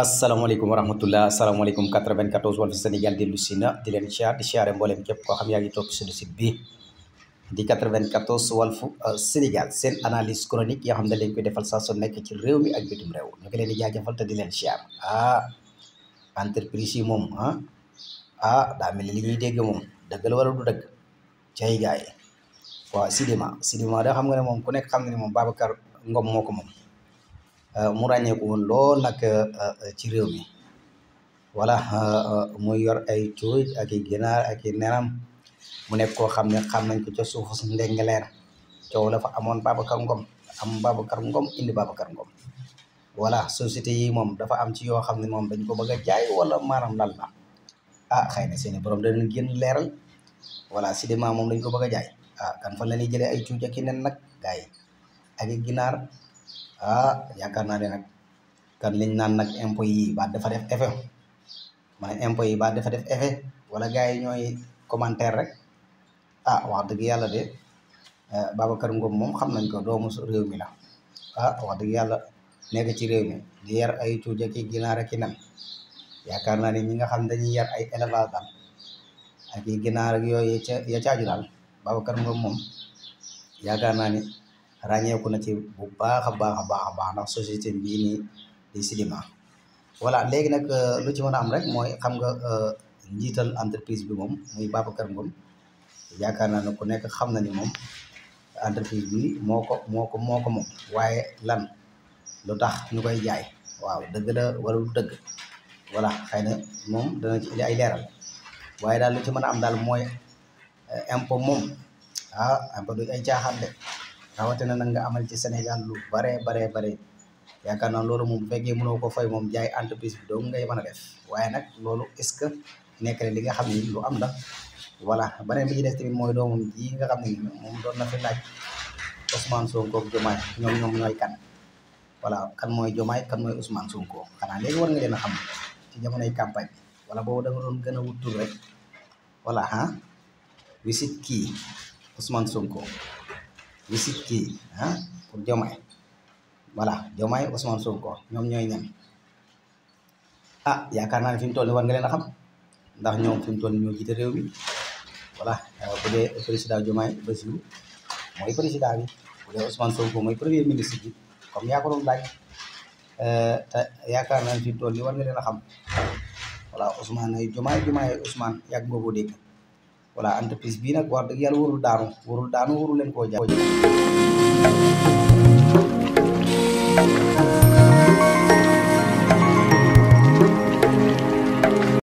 asalaamaaleykum wa rahmatullah asalaamaaleykum 94 Walf Sénégal dellu si na di leen siyaar di siyaare mboolem képp koo xam yaa ngi topp suñu site bi di 94 Walf euh, Sénégal seen analyse chronique yoo xam ne dañ koy defal saa su nekk ci réew mi ak bitim réew ñu ngi leen di jaajëfal te di leen ah entreprise yi moom ah ah daa mel ni li dégg moom dëgg la wala du dëgg cay gaay waaw Sidima Sidima da xam nga ne moom ku nekk xam nga ne moom Babacar Ngom moo ko moom. Euh, mu ràññeeku woon lool nag euh, euh, ci réew mi voilà muy yor ay cuuj ak i ginaar ak i mu nekk koo xam ne xam nañ ko ca suufus ndengeleer coow la fa amoon Babacar Ngom am Babacar Ngom indi Babacar Ngom voilà société yi moom dafa am ci yoo xam ne moom dañ ko bëgg jaay wala maanaam lan la ah xëy na seeni borom danañ génn leeral voilà moom dañ ko bëgg a jaay ah kan fan la ñuy jëlee ay cuuj ak i nen nag gars yi ak i ginaar ah yaakaar naa ne nag kan liñ naan nag impôt yi ba dafa def effet ma yi ba dafa def effet wala gars yi ñooy commentaire rek ah wax dëgg yàlla de eh, Babacar Ngom moom xam nañ ko doomu réew mi la ah wax dëgg yàlla nekk ci réew mi di yar ay tuuti ki ginaar ak i nen yaakaar naa ne ñi nga xam dañuy yar ay élevage daal ak i ginaar ak yooyu ya ca ya caaju daal Babacar Ngom moom yaakaar naa ni ràññeeku na ci bu baax a baax a baax a baax ndax société bii nii di sidima voilà léegi nag euh, lu ci mën a am rek mooy xam nga euh, njiital entreprise bi moom muy Babacar Ngom yaakaar naa ne ku nekk xam na ni moom entreprise bi moo ko moo ko moo ko moom waaye lan lu tax ñu koy jaay waaw dëgg la wala lu dëgg xëy na moom dana ci ay leeral waaye daal lu ci mën a am daal mooy euh, impo moom ah impôt du ay caaxaan de rawatina nag nga amal ci Sénégal lu bare bare bare yaakaar naa loolu moom bu fekkee mënoo ko fay moom jaay entreprise bi dong ngay mën a def waaye nag loolu est ce que nekk na li nga xam ne lu am la voilà beneen bi ci des tamit mooy doomam ji nga xam ne moom doon na fi laaj Ousmane Sonko ak Diomaye ñoom ñoom ñooy kan voilà kan mooy Diomaye kan mooy Ousmane Sonko xanaa léegi war nga leen a xam ci jamonoy campagne bi wala boobu da nga doon gën a wut tur rek voilà ah wisit kii Ousmane Sonko. visite kii ah pour Diomaye voilà Diomaye Ousmane Sonko ñoom ñooy ñan ah yaakaar naa ne fi mu toll nii war nga leen a xam ndax ñoom fi mu toll nii ñoo jiite réew mi voilà euh, bu dee président Diomaye Bassirou mooy président bi mooy premier ministre bi comme yaa ko doon laaj euh, te yaakaar naa ne fi mu toll war nga leen a xam voilà Ousmane Diomaye Diomaye Ousmane yàgg nga koo voilà entreprise bii nag wax dëgg yàlla warul daanu warul daanu warul leen koo jàpp